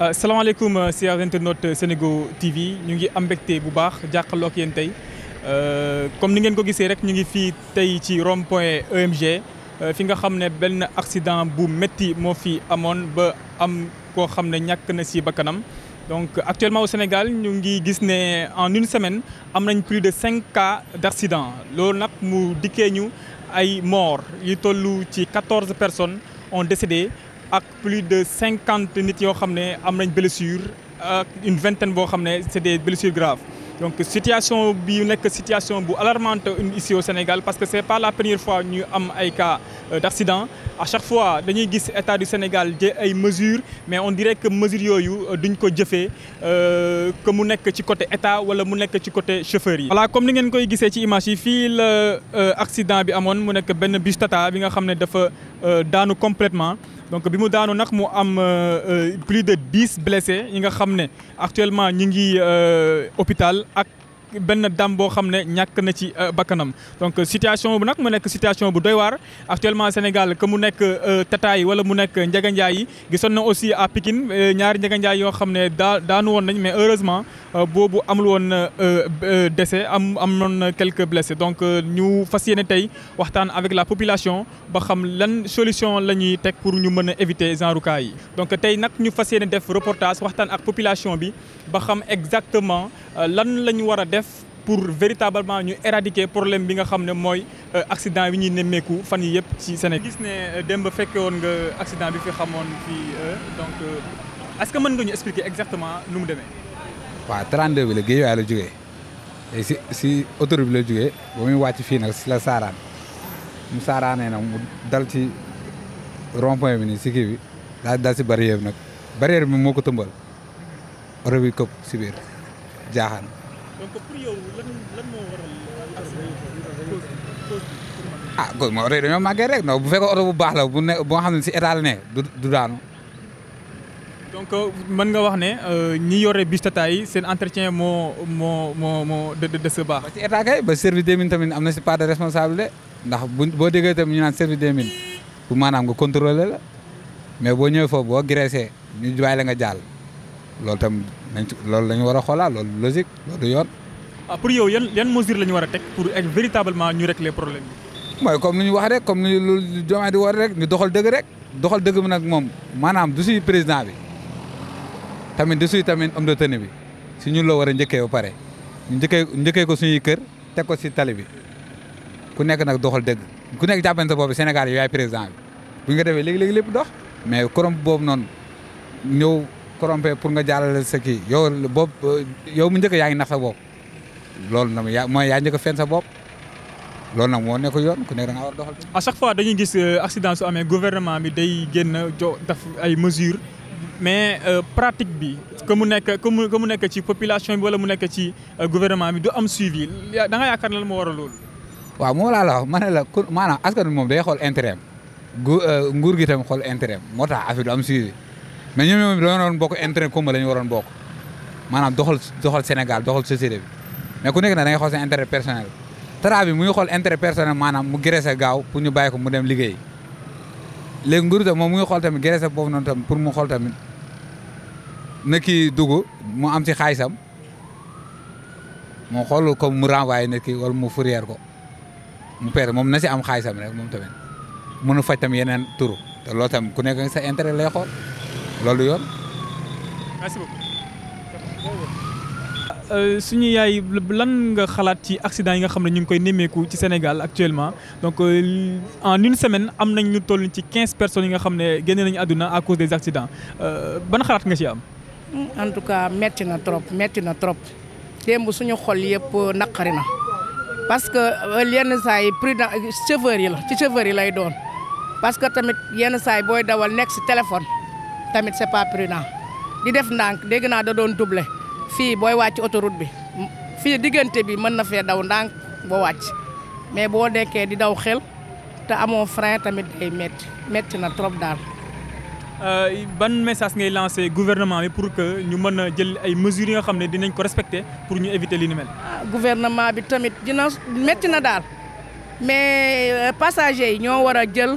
Euh, salaamaaleykum euh, chers internautes euh, Senego TV ñu ngi am mbégte bu baax jàkkaarloo ak yéen tey comme ni ngeen ko gisee rek ñu ngi fii tey ci rond point EMG fi nga xam ne benn accident bu métti moo fi amoon ba am koo xam ne ñàkk na si bakkanam donc actuellement au Sénégal ñu ngi gis ne en une semaine am nañ plus de cinq cas d' accident loolu nag mu dikkee ñu ay morts yu toll ci quatorze personnes ont décédé. ak plus de cinquante nit yoo xam ne am nañ blessure ak une vingtaine boo xam ne c'est des blessures graves donc situation bi nekk situation bu alarmante ici au Sénégal parce que c'est pas la première fois ñu am ay cas Euh, d'accident à chaque fois dañuy gis état du Sénégal jël ay mesures mais on dirait que mesures yooyu euh, duñ ko jëfee euh, que mu nekk ci côté état wala mu nekk ci côté chauffeur yi. voilà comme li ngeen koy gisee ci image yi fii la accident bi amoon mu nekk benn bus bi nga xam ne dafa daanu completement donc bi mu daanu nag mu am plus de dix blessés yi nga xam ne actuellement ñu ngi hôpital ak. benn dame boo xam ne ñàkk na ci euh, bakkanam donc euh, situation bu nag mu nekk situation bu doy waar actuellement Sénégal que mu nekk euh, tata yi mu nekk njaganjaay yi gisoon na aussi à Pikine ñaari njaganjaay yoo xam ne daa daanu woon nañ mais heureusement boobu amul woon décès am amoon quelques blessés donc ñu fas yéene tey waxtaan avec la population ba xam lan solution la ñuy teg pour ñu mën a éviter genre cas yi donc tey nag ñu fas yéene def reportage waxtaan ak population bi ba xam exactement lan la ñu war a pour véritablement ñu éradiquer problème bi nga xam ne mooy euh, accident bi ñuy nemmeeku fan yi yëpp ci Sénégal. gis ne euh, démb fekke woon nga accident bi fi xamoon fii euh, donc est que mën nga ñu expliquer exactement nu mu demee. waaw 32 bi la Guédiawaye la jógee si si autoroute bi la jógee ba muy wàcc fii nag si la saaraan mu saaraanee nag mu dal ci rond-point bi nii si kii bi daal dal si barrière bi nag barrière bi moo ko tëmbal oto bi këpp si biir jaaxaan. donc pour yow lan lan euh, ah góor moo oto yi dañoo màggee rek non bu fekkee oto bu baax la bu ne boo xam ne si état la ne du daanu. donc euh, mën nga wax ne euh, ñi yore bus Tata yi seen entretien moo moo moo moo de de sa baax. ba ci état kay ba service des mines tamit am na si part de responsabilité ndax bu boo déggee tamit ñu naan service des mines bu maanaam nga contrôler la mais boo ñëwee foofu boo graissé ñu bàyyi la nga jaal loolu tam nañ loolu la ñu war a xoolaat loolu logique loolu du yoon. ah pour yow yan yan mesure la ñu war a teg pour véritablement ñu régler problème bi. mooy comme ni ñu wax rek comme ni lu Diomaye di war rek ñu doxal dëgg rek doxal dëgg bu nag moom maanaam du si président bi tamit du si tamit homme de tenue bi si ñun la war a njëkkee ba pare njëkkee njëkkee ko suñuy kër teg ko si tali bi ku nekk nag doxal dëgg ku nekk jàppante boobu Sénégal yi yaay président bi bu ñu ko defee léegi léegi lépp dox mais korom boobu noonu ñëw. tromper pour nga jàllale sa kii yow boobu yow mu njëkk yaa ngi nax sa bopp loolu nag yaa mooy yaa njëkk a fen sa bopp loolu nag moo nekk yoon ku nekk da war a doxal. à chaque fois dañuy gis euh, accident su amee gouvernement bi day génn jo daf ay mesures mais euh, pratique bi que mu nekk que mu nekk ci population bi wala mu nekk ci euh, gouvernement bi du am suivi da nga yaakaar ne lan moo waral loolu. waaw moo laa la wax ma la ku maanaam askan bi moom day xool intérêt am gu nguur gi tam xool intérêt moo tax affaire du am suivi. mais ñoom ñoom dañoo waroon bokk intérêt commun la ñu waroon bokk maanaam doxal doxal Sénégal doxal société bi mais ku nekk na da ngay xool seen intérêt personnel Tra bi xool intérêt personnel maanaam mu géré gaaw pour ñu bàyyi ko mu dem liggéey léegi nguur tam moom mu xool tamit géré boobu noonu tamit pour mu xool tamit na kii mu am ci xaalisam moo xool comme mu renvoyé nit ki wala mu fourrière ko mu père moom na si am xaalisam rek moom tamit munu a faj tam yeneen turu te loolu tam ku nekk sa intérêt lay xool. loolu du yoon. merci beaucoup. Euh, suñu yaay lan nga xalaat ci accident yi nga xam ne ñu ngi koy nemmeeku ci Sénégal actuellement donc euh, en une semaine am nañ ñu toll ci quinze personnes yi nga xam ne génne nañu àdduna à cause des accidents euh, ban xalaat nga ci am. en tout cas metti na trop metti na trop démb suñu xol yëpp naqari na parce que yenn saa yi prudent chauffeur yi la ci chauffeur yi lay doon parce que tamit yenn saa yi booy dawal nekk si téléphone. tamit c'est pas prudent di def ndànk dégg naa da doon doubler fii booy wàcc autoroute bi fii diggante bi mën na fee daw ndànk boo wàcc mais boo nekkee di daw xel te amoo frein tamit day métti métti na trop daal. Euh, ban message ngay lancé gouvernement bi pour que ñu mën a jël ay mesures yi xam ne dinañ ko respecté pour ñu éviter li ni mel. Ah, gouvernement bi tamit dina métti na daal mais euh, passage yi ñoo war a jël.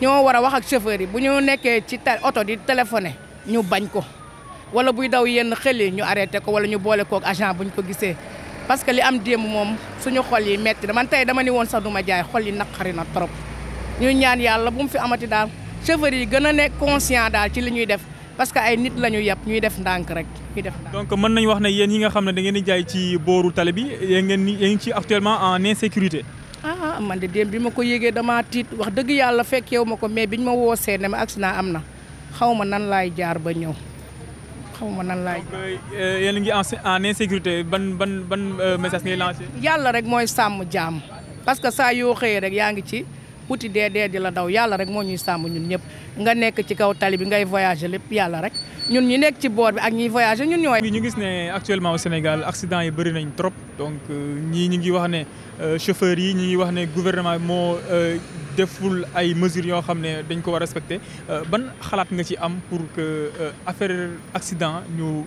ñoo war a wax ak chauffeur yi bu ñu nekkee ci oto di téléphoné ñu bañ ko wala buy daw yenn xel yi ñu arrêté ko wala ñu boole kook agent buñ ko gisee parce que li am démb moom suñu xol yi metti na man tey dama ni woon sax duma ma jaay xol yi naqari na trop ñu ñaan yàlla bu mu fi amati daal chauffeur yi gën a nekk conscient daal ci li ñuy def parce que ay nit la ñu yàpp ñuy def ndànk rek ñuy def donc mën nañu wax ne yéen yi nga xam ne da ngeen di jaay ci booru tali bi yéen ngeen yéen ngi ci actuellement en insécurité ah man de démb bi ma ko yégee damaa tiit wax dëgg yàlla fekkeewu ma ko mais bi ñu ma woosee ne ma accident am na xaw ma nan laay jaar ba ñëw xaw ma nan laay. Eh, yéen a ngi en insécurité ban ban ban euh, message ngay lancé. yàlla rek mooy sàmm jaam parce que saa yoo xëyee rek yaa ngi ci. uti dee dee di la daw yàlla rek moo ñuy sàmm ñun ñëpp nga nekk ci kaw tali bi ngay voyager lépp yàlla rek ñun ñu nekk ci boor bi ak ñiy voyager ñun ñooy. ñu gis ne actuellement au Sénégal accident yi bëri nañ trop donc euh, ñii ñu ngi wax ne euh, chauffeurs yi ñu ngi wax ne gouvernement moo euh, deful ay mesures yoo xam ne dañ ko war a respecté ban xalaat nga ci am pour que affaire accident ñu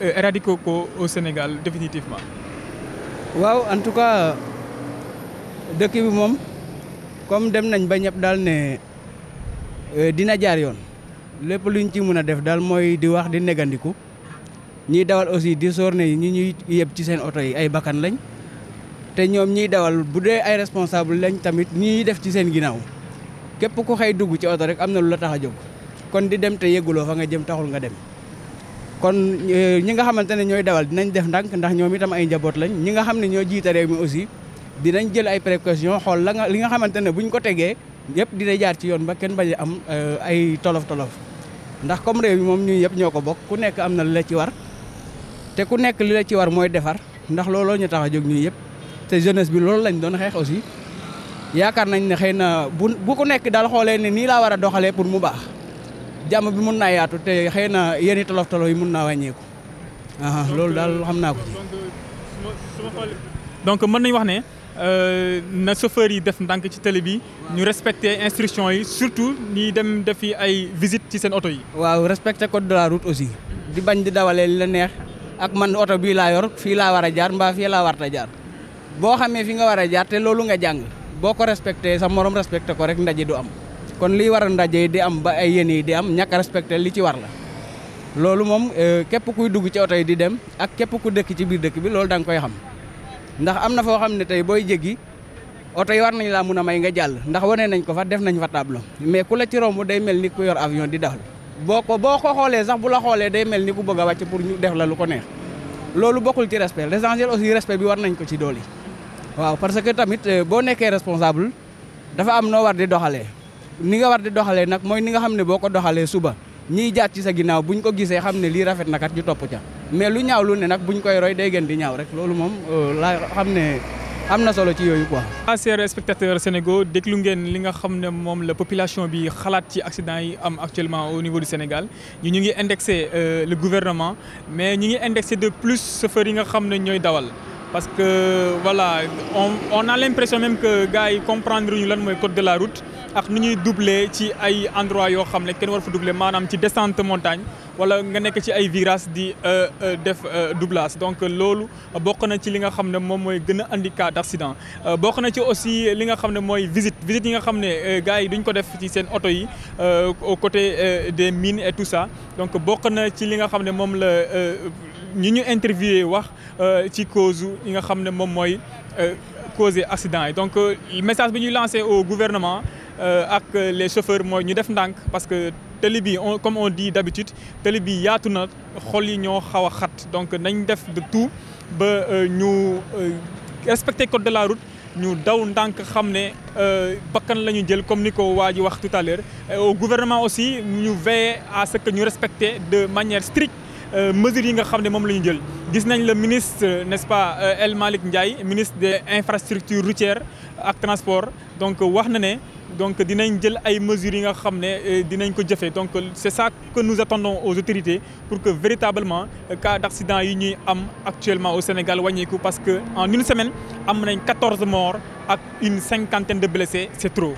éradiquer ko au Sénégal définitivement. waaw en tout cas. dëkk bi moom comme dem nañ ba ñëpp daal ne euh, dina jaar yoon lépp luñ ci mun a def daal mooy di wax di negandiku ñiy dawal aussi di soor ne ñi ñuy yëpp ci seen oto yi ay bakkan lañ te ñoom ñiy dawal bu dee ay responsable lañ tamit ñi def ci seen ginnaaw képp ku xëy dugg ci oto rek am na lu la tax a jóg kon di dem te yëgguloo fa nga jëm taxul nga dem kon euh, ñi nga xamante ne ñooy dawal dinañ def ndànk ndax ñoom itam ay njaboot lañ ñi nga xam ne ñoo jiite réew mi aussi dinañ jël ay précautions xool la li nga xamante ne bu ñu ko tegee yëpp dina jaar ci yoon ba kenn bañ am euh, ay tolof tolof ndax comme réew moom ñun yëpp ñoo ko bokk ku nekk am na li la ci war te ku nekk li la ci war mooy defar ndax looloo ñu tax a jóg ñun yëpp te jeunesse bi loolu lañ doon xeex aussi yaakaar nañ ne xëy na bu bu ku nekk daal xoolee ne nii laa war a doxalee pour mu baax jàmm bi mun naa yaatu te xëy na yenn tolof tolof yi mun naa wàññeeku loolu daal xam naa ko ci. Euh, wax ne. Euh, na chauffeur yi def ndànk ci télé bi ñu respecter instruction yi surtout ñi dem defi ay visite ci seen oto yi. waaw respecter code de la aussi. di bañ di dawalee li la neex ak man oto bii laa yor fii laa war a jaar mbaa fii laa warta jaar boo xamee fi nga war a jaar te loolu nga jàng boo ko respecté sa morom respecté ko rek ndaje du am kon liy war a ndaje yi di am ba ay yéen yi di am ñàkk respecte respecté li ci war la. loolu moom euh, képp kuy dugg ci oto yi di dem ak képp ku dëkk ci biir dëkk bi loolu da nga koy xam. ndax am na foo xam ne tey booy jéggi oto yi war nañ laa mun a may nga jàll ndax wane nañ ko fa def nañ fa tableau mais ku la ci romb day mel ni ku yor avion di dawal boo ko boo ko xoolee sax bu la xoolee day mel ni ku bëgg a wàcc pour ñu def la lu ko neex loolu bokkul ci respe l'essentiel aussi respect bi war nañ ko ci dooli yi waaw parce que tamit euh, boo nekkee responsable dafa am noo war di doxalee ni nga war di doxalee nag mooy ni nga xam ne boo ko doxalee suba ñiy jaar ci sa ginnaaw buñ ko gisee xam ne lii rafet na kat ñu topp ca mais lu ñaaw lu ne nag bu ñu koy roy day gën di ñaaw rek loolu moom euh, laa xam ne am na solo ci yooyu quoi. chers spectateurs Sénégal déglu ngeen li nga xam ne moom la population bi xalaat ci accident yi am actuellement au niveau du Sénégal ñu ñu ngi indexé euh, le gouvernement mais ñu ngi indexé de plus chauffeurs yi nga xam ne ñooy dawal. parce que wala on on a l'impression même que gars yi comprendre ñu lan mooy code de la route. ak nu ñuy duble ci ay endroit yoo xam ne kenn war fa doubler maanaam ci descente montagne wala nga nekk ci ay virage di euh, euh, def euh, doublage donc loolu bokk na ci li nga xam ne moom mooy gën a andi cas accident. bokk na ci aussi li nga xam ne mooy visite visite yi nga xam ne gars yi duñ ko def ci seen oto yi au côté des mines et tout ça donc bokk na ci li nga xam ne moom la ñi ñu interviewé wax ci cause yi nga xam ne moom mooy causé accident yi donc message bi ñuy lancé au gouvernement. Euh, ak les chauffeurs mooy ñu def ndànk parce que tali bi on comme on dit d'habitude tali bi yaatu na xol yi ñoo xaw a xat donc nañ def de tout ba euh, ñu euh, respecter code de la route ñu daw ndànk xam ne bakkan la ñu jël comme ni ko waa ji wax tout à l'heure gouvernement aussi ñu veiller à ce que ñu respecter de manière stricte mesures yi nga xam ne moom la ñu jël gis nañ le ministre n'est-ce pas El Malick Ndiaye ministre des infrastructures routières ak transport donc wax na ne donc dinañ jël ay mesures yi nga xam ne euh, dinañ ko jëfee donc c'est ça que nous attendons aux autorités pour que véritablement euh, cas d'accident yi ñuy am actuellement au Sénégal wàññeeku parce que en une semaine am nañ 14 morts ak une cinquantaine de blessés c'est trop